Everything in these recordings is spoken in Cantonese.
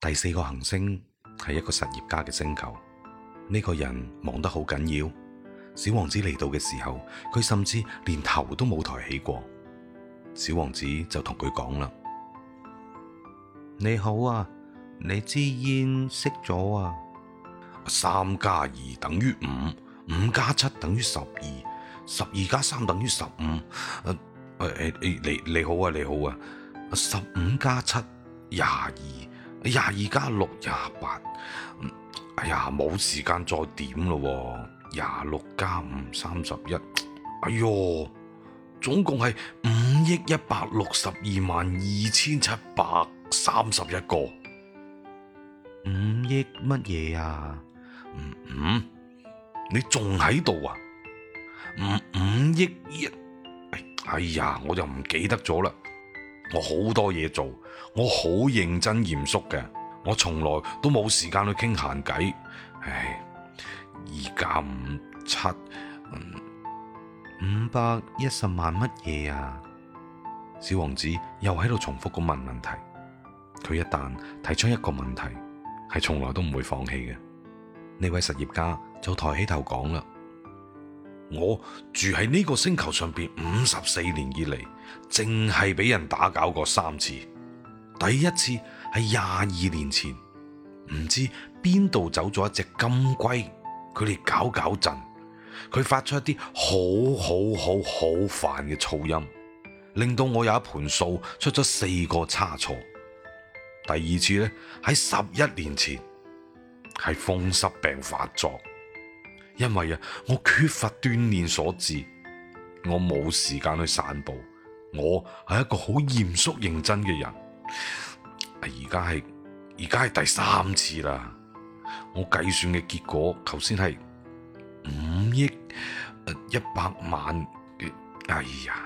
第四個行星係一個實業家嘅星球。呢、這個人忙得好緊要，小王子嚟到嘅時候，佢甚至連頭都冇抬起過。小王子就同佢講啦：你好啊，你支煙熄咗啊？三加二等於五，五加七等於十二，十二加三等於十五。誒誒誒，你你好啊，你好啊，十五加七廿二。7, 廿二加六廿八，哎呀，冇、哎、時間再點咯、喎，廿六加五三十一，31, 哎喲，總共係五億一百六十二萬二千七百三十一個，五億乜嘢啊？五、嗯嗯，你仲喺度啊？嗯、五五億一，哎呀，我就唔記得咗啦。我好多嘢做，我好認真嚴肅嘅，我從來都冇時間去傾閒偈。唉，二、五、嗯、七、五百一十萬乜嘢啊？小王子又喺度重複咁問問題。佢一旦提出一個問題，係從來都唔會放棄嘅。呢位實業家就抬起頭講啦。我住喺呢個星球上邊五十四年以嚟，淨係俾人打攪過三次。第一次喺廿二年前，唔知邊度走咗一隻金龜，佢哋搞搞震，佢發出一啲好好好好煩嘅噪音，令到我有一盤數出咗四個差錯。第二次呢，喺十一年前，係風濕病發作。因為啊，我缺乏鍛煉所致，我冇時間去散步。我係一個好嚴肅認真嘅人。而家係而家係第三次啦。我計算嘅結果，頭先係五億一百萬。哎呀，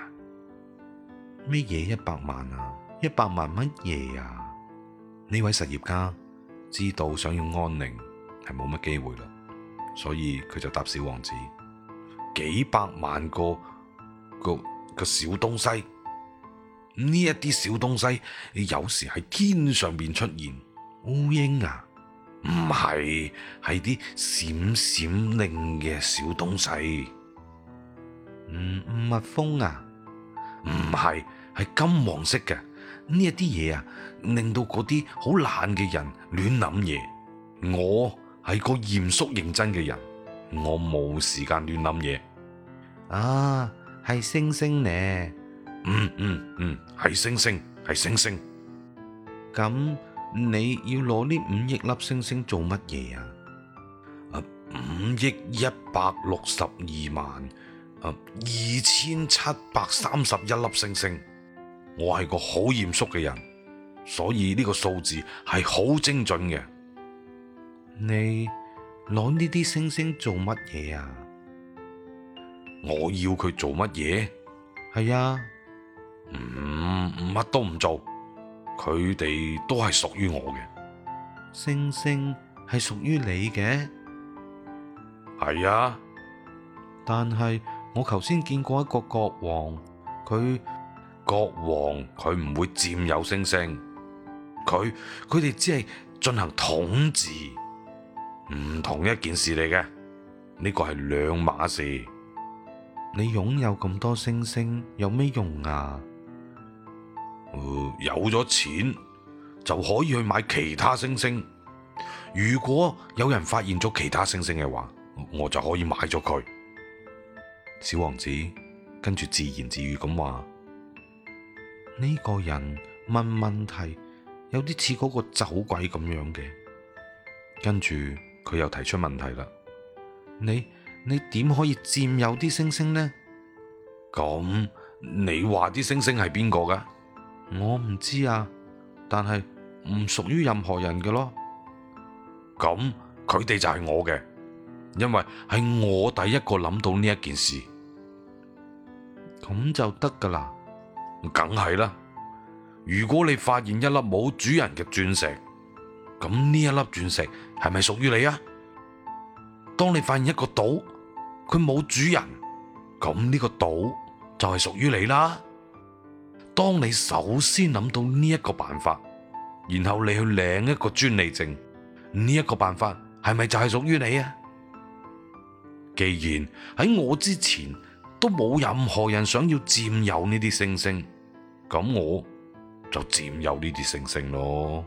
咩嘢一百萬啊？一百萬乜嘢啊？呢位實業家知道想要安寧係冇乜機會啦。所以佢就答小王子：幾百萬個個個小東西，呢一啲小東西，你有時喺天上邊出現，烏蠅啊，唔係，係啲閃閃令嘅小東西，唔，蜜蜂啊，唔係，係金黃色嘅呢一啲嘢啊，令到嗰啲好懶嘅人亂諗嘢，我。係個嚴肅認真嘅人，我冇時間亂諗嘢。啊，係星星呢？嗯嗯嗯，係、嗯、星星，係星星。咁你要攞呢五億粒星星做乜嘢啊？啊，五億一百六十二萬，啊，二千七百三十一粒星星。我係個好嚴肅嘅人，所以呢個數字係好精準嘅。你攞呢啲星星做乜嘢啊？我要佢做乜嘢？係啊，唔，乜都唔做，佢哋都係屬於我嘅。星星係屬於你嘅？係啊，但係我頭先見過一個國王，佢，國王，佢唔會佔有星星，佢，佢哋只係進行統治。唔同一件事嚟嘅，呢個係兩碼事。你擁有咁多星星有咩用啊？呃、有咗錢就可以去買其他星星，如果有人發現咗其他星星嘅話，我就可以買咗佢。小王子跟住自言自語咁話：呢個人問問題有啲似嗰個走鬼咁樣嘅。跟住。佢又提出問題啦，你你點可以占有啲星星呢？咁你話啲星星係邊個㗎？我唔知啊，但係唔屬於任何人嘅咯。咁佢哋就係我嘅，因為係我第一個諗到呢一件事。咁就得噶啦，梗係啦。如果你發現一粒冇主人嘅鑽石。咁呢一粒鑽石係咪屬於你啊？當你發現一個島，佢冇主人，咁呢個島就係屬於你啦。當你首先諗到呢一個辦法，然後你去領一個專利證，呢一個辦法係咪就係屬於你啊？既然喺我之前都冇任何人想要佔有呢啲星星，咁我就佔有呢啲星星咯。